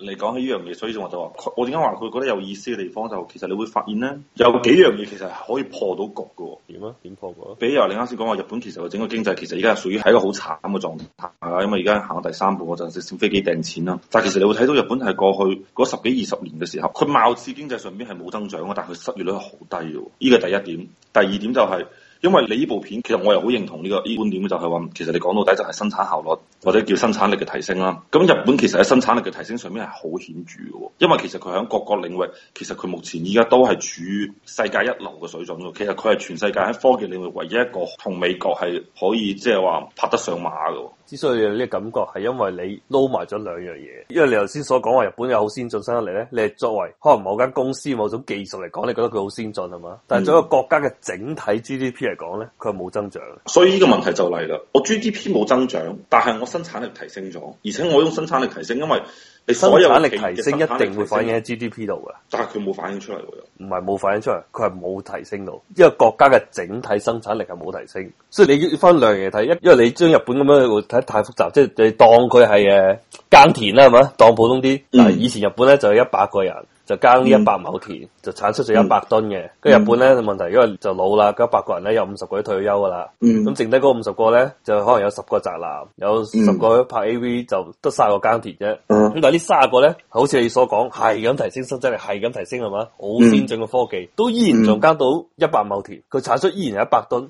嚟講起呢樣嘢，所以我就話，我點解話佢覺得有意思嘅地方，就是、其實你會發現呢，有幾樣嘢其實可以破到局㗎喎。點樣？點破嘅？比如話你啱先講話，日本其實整個經濟其實而家係屬於係一個好慘嘅狀態係啦，因為而家行到第三步，嗰陣時直升飛機掟錢啦。但係其實你會睇到日本係過去嗰十幾二十年嘅時候，佢貌似經濟上面係冇增長嘅，但係佢失業率係好低嘅。呢個第一點，第二點就係、是。因為你呢部片，其實我又好認同呢個呢觀點，就係話其實你講到底就係生產效率或者叫生產力嘅提升啦。咁日本其實喺生產力嘅提升上面係好顯著嘅喎，因為其實佢喺各個領域，其實佢目前依家都係處於世界一流嘅水準喎。其實佢係全世界喺科技領域唯一一個同美國係可以即係話拍得上馬嘅。之所以有呢個感覺，係因為你撈埋咗兩樣嘢，因為你頭先所講話日本有好先進生得嚟咧，你係作為可能某間公司某種技術嚟講，你覺得佢好先進係嘛？但係作一個國家嘅整體 GDP。嚟講咧，佢係冇增長，所以呢個問題就嚟啦。我 GDP 冇增長，但係我生產力提升咗，而且我用生產力提升，因為你生產力提升一定會反映喺 GDP 度噶。但係佢冇反映出嚟喎，唔係冇反映出嚟，佢係冇提升到，因為國家嘅整體生產力係冇提升的。所以你要分兩樣嘢睇，一因為你將日本咁樣睇太複雜，即係當佢係誒耕田啦，係嘛，當普通啲。但係以前日本咧就有一百個人。嗯就耕呢一百畝田，嗯，就產出咗一百噸嘅。跟、嗯、日本咧，個、嗯、問題因為就老啦，一百個人咧有五十個都退休噶啦。咁、嗯、剩低嗰五十個咧，就可能有十個宅男，有十個拍 AV，就得卅個耕田啫。咁、嗯、但係呢卅個咧，好似你所講，係、嗯、咁提升生產力，係咁提升係嘛、嗯？好先進嘅科技，都依然仲耕到一百畝田，佢產出依然係一百噸。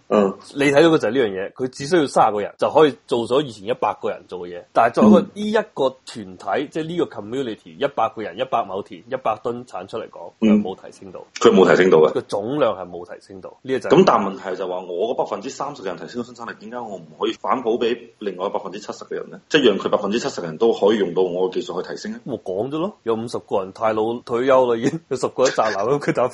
你睇到嘅就係呢樣嘢，佢只需要卅個人就可以做咗以前一百個人做嘅嘢。但係作為呢一個團、嗯、體，即係呢個 community，一百個人，一百畝田，一百噸。生產出嚟講，有冇提升到？佢、嗯、冇提升到嘅，個總量係冇提升到。呢、這個就咁，但係問題就話，我嗰百分之三十嘅人提升到生產力，點解我唔可以反哺俾另外百分之七十嘅人咧？即係讓佢百分之七十嘅人都可以用到我嘅技術去提升咧？我講咗咯，有五十個人太老退休啦，已經有十個一扎流，佢就呢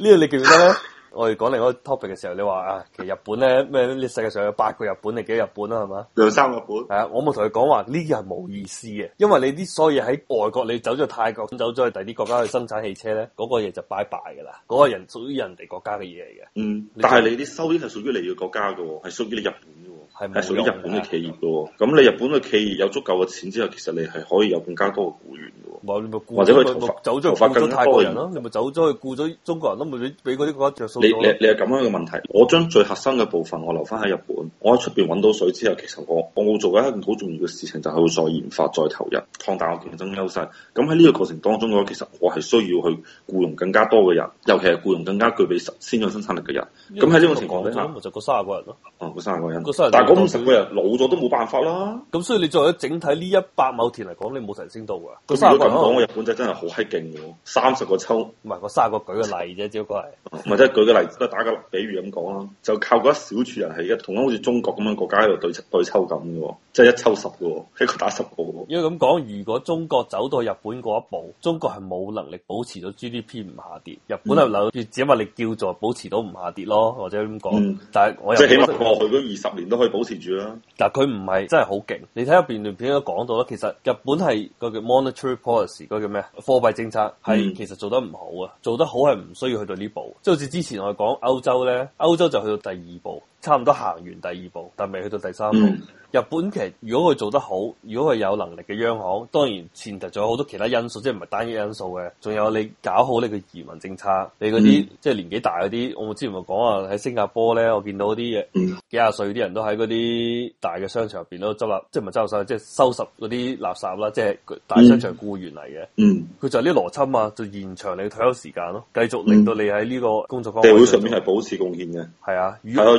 個你記唔記得咧？ 我哋講另外 topic 嘅時候，你話啊，其實日本咧咩？呢世界上有八個日本定幾日本啦？係嘛？兩三個本係啊！我冇同佢講話呢啲係冇意思嘅，因為你啲所有嘢喺外國，你走咗去泰國，走咗去第啲國家去生產汽車咧，嗰、嗰個嘢就拜拜噶啦，嗰、嗰個人屬於人哋國家嘅嘢嚟嘅。嗯，但係你啲收益係屬於你嘅國家噶，係屬於你日本的。係屬於日本嘅企業咯，咁你日本嘅企業有足夠嘅錢之後，其實你係可以有更加多嘅雇員嘅喎，或者去頭髮，更多嘅人，你咪走咗去僱咗中國人都冇俾俾嗰啲國家著數，你你你係咁樣嘅問題，我將最核心嘅部分我留翻喺日本，嗯、我喺出邊揾到水之後，其實我我冇做嘅一件好重要嘅事情就係、會、再研發、再投入、擴大我競爭優勢。咁喺呢個過程當中嘅話，其實我係需要去僱用更加多嘅人，尤其係僱用更加具備先先進生產力嘅人。咁喺呢種情況下，咪就嗰卅個人咯。哦、嗯，嗰卅個人，咁成個人老咗都冇辦法啦。咁所以你作為一整體呢一百畝田嚟講，你冇提升到㗎。咁如果咁講，我日本仔真係好閪勁喎，三十個抽。唔係、啊，我三十個舉個例啫，只不過係。唔係，即係舉個例子，即係打個比喻咁講啦。就靠嗰一小撮人係一同樣好似中國咁樣國家喺度對對抽咁喎。即、就、係、是、一抽十嘅，一個打十個嘅。因為咁講，如果中國走到日本嗰一步，中國係冇能力保持到 GDP 唔下跌。日本係留，而且嘛，你叫做保持到唔下跌咯，或者咁講、嗯。但係我又起碼過去嗰二十年都可以保持住啦。但係佢唔係真係好勁。你睇入邊段片都講到啦，其實日本係個,個叫 monetary policy 個叫咩啊？貨幣政策係其實做得唔好啊。做得好係唔需要去到呢步。即係好似之前我哋講歐洲咧，歐洲就去到第二步。差唔多行完第二步，但未去到第三步、嗯。日本其實如果佢做得好，如果佢有能力嘅央行，當然前提仲有好多其他因素，即係唔係單一因素嘅。仲有你搞好你個移民政策，你嗰啲、嗯、即係年紀大嗰啲，我之前咪講話喺新加坡咧，我見到啲、嗯、幾廿歲啲人都喺嗰啲大嘅商場入邊都執垃，即係唔係執垃圾，即係收拾嗰啲垃圾啦，即係大商場雇員嚟嘅。佢、嗯嗯、就係啲邏輯嘛，就延長你退休時間咯，繼續令到你喺呢個工作崗位上面係保持貢獻嘅。係啊，如果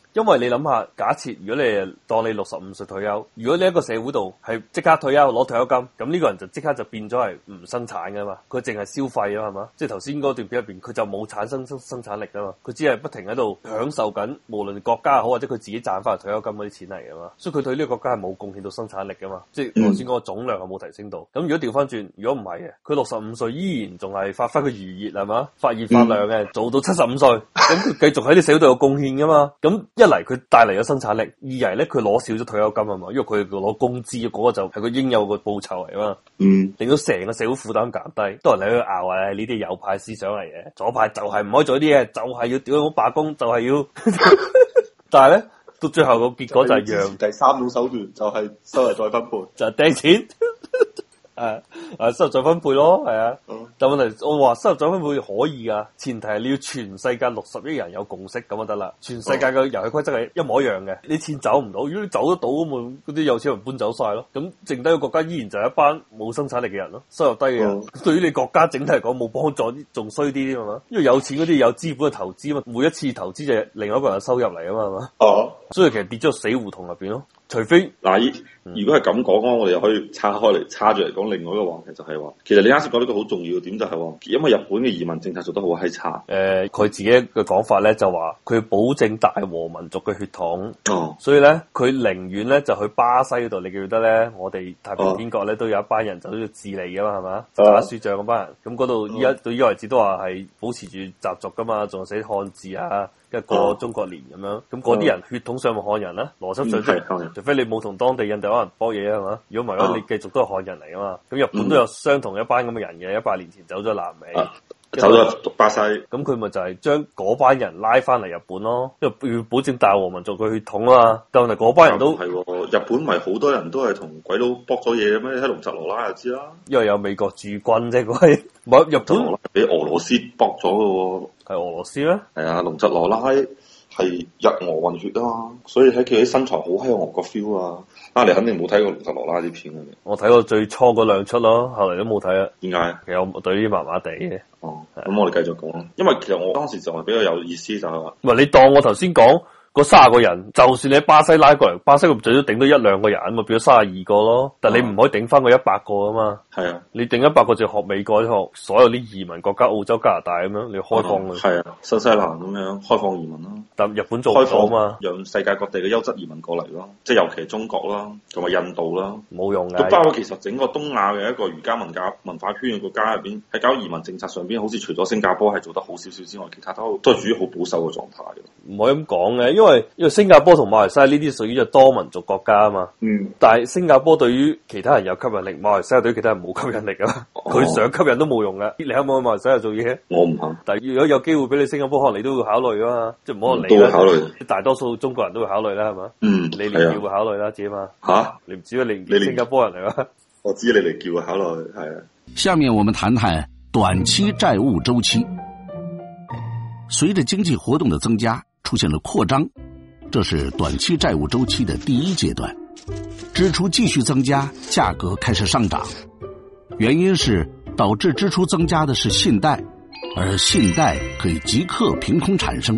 因為你諗下，假設如果你當你六十五歲退休，如果你一個社會度係即刻退休攞退休金，咁呢個人就即刻就變咗係唔生產噶嘛，佢淨係消費啊，係嘛？即係頭先嗰段片入邊，佢就冇產生生生產力噶嘛，佢只係不停喺度享受緊，無論國家好或者佢自己賺翻嚟退休金嗰啲錢嚟啊嘛，所以佢對呢個國家係冇貢獻到生產力噶嘛，嗯，即係頭先嗰個總量係冇提升到。咁如果調翻轉，如果唔係嘅，佢六十五歲依然仲係發揮佢餘熱，係嘛？發熱發量嘅，嗯，做到七十五歲，咁佢繼續喺呢個社會度有貢獻噶嘛？咁一嚟佢帶嚟咗生產力，二嚟咧佢攞少咗退休金啊嘛，因為佢攞工資嗰、那個就係佢應有個報酬嚟啊嘛，令到成個社會負擔減低。都係你去拗啊，呢啲右派思想嚟嘅，左派就係唔可以做啲嘢，就係、是、要屌樣罷工，就係、是、要。 但係咧，到最後個結果就係樣。就是、第三種手段就係、是、收入再分配， 就係掟扔錢。 誒，誒，收入再分配咯，係啊、嗯，但問題我話收入再分配可以噶前提係你要全世界六十億人有共識咁就得啦，全世界嘅遊戲規則係一模一樣嘅，你錢走唔到，如果你走得到咁，嗰啲有錢人搬走晒咯，咁剩低嘅國家依然就係一班冇生產力嘅人咯，收入低嘅，嗯、對於你國家整體嚟講冇幫助，仲衰啲啊嘛，因為有錢嗰啲有資本嘅投資嘛，每一次投資就係另外一個人嘅收入嚟啊嘛，係嘛、嗯，所以其實跌咗死胡同入邊咯。除非嗱，如果係咁講啊，我哋又可以岔開嚟，叉住嚟講另外一個話題，就係話，其實你啱先講呢一個好重要嘅點，就係話，因為日本嘅移民政策做得好閪差。誒、呃，佢自己嘅講法咧，就話佢保證大和民族嘅血統。哦，所以咧，佢寧願咧就去巴西嗰度，你記唔記得咧，我哋太平天國咧、哦、都有一班人走咗去智利噶嘛，係、哦哦、嘛？打雪仗嗰班人，咁嗰度依家到依個為止都話係保持住習俗噶嘛，仲寫漢字啊。一個中國年咁、啊、樣，咁嗰啲人血統上冇漢人啦，邏輯上即係，除非你冇同當地印第安人哋可能播嘢啊嘛。如果唔係，你繼續都係漢人嚟啊嘛。咁日本都有相同一班咁嘅人嘅、嗯，一百年前走咗南美。啊走咗去巴西，咁佢咪就係將嗰班人拉翻嚟日本咯，因為要保證大和民族嘅血統啊嘛。但係嗰班人都係、哦、日本咪好多人都係同鬼佬搏咗嘢咩？喺龍澤羅拉就知啦，因為有美國駐軍啫，佢冇入到。俾俄，俄羅斯搏咗嘅喎，係俄羅斯咩？係、哎、啊，龍澤羅拉。係日俄混血啊，所以睇佢啲身材好閪我個 feel 啊！啊，你肯定冇睇過《龍套羅拉》啲片嘅，我睇過最初嗰兩出咯，後嚟都冇睇、嗯、啊。點解？其實我對呢啲麻麻地嘅。哦，咁我哋繼續講咯。因為其實我當時就係比較有意思就係、是、話，唔係你當我頭先講個卅個人，就算你喺巴西拉過嚟，巴西個最都頂多一兩個人嘛，咪變咗卅二個咯。但係你唔可以頂翻個一百個啊嘛。係啊，你頂一百個就學美國啲學，所有啲移民國家澳洲、加拿大咁樣，你開放佢。係啊，啊，新西蘭咁樣開放移民咯、啊。日本做開放嘛，讓世界各地嘅優質移民過嚟咯，即係尤其中國咯，同埋印度咯，冇用嘅。包括其實整個東亞嘅一個儒家文化文化圈嘅國家入邊，喺搞移民政策上邊，好似除咗新加坡係做得好少少之外，其他都都係屬於好保守嘅狀態。唔可以咁講嘅，因為因為新加坡同馬來西亞呢啲屬於就多民族國家啊嘛。嗯，但係新加坡對於其他人有吸引力，馬來西亞對於其他人冇吸引力啊。佢、哦、想吸引都冇用嘅，你肯唔肯去馬來西亞做嘢？我唔肯。但係如果有機會俾你新加坡可能你都會考慮啊嘛，即係唔可都會考慮，大多數中國人都會考慮啦，係嘛？嗯，你哋叫會考慮啦，姐嘛、啊？吓、啊，你唔知你，你新加坡人嚟啦？我知你哋叫會考慮。係、啊，下面我們談談短期債務周期。隨着經濟活動的增加，出現了擴張，這是短期債務周期的第一階段。支出繼續增加，價格開始上漲，原因是導致支出增加的是信貸，而信貸可以即刻憑空產生。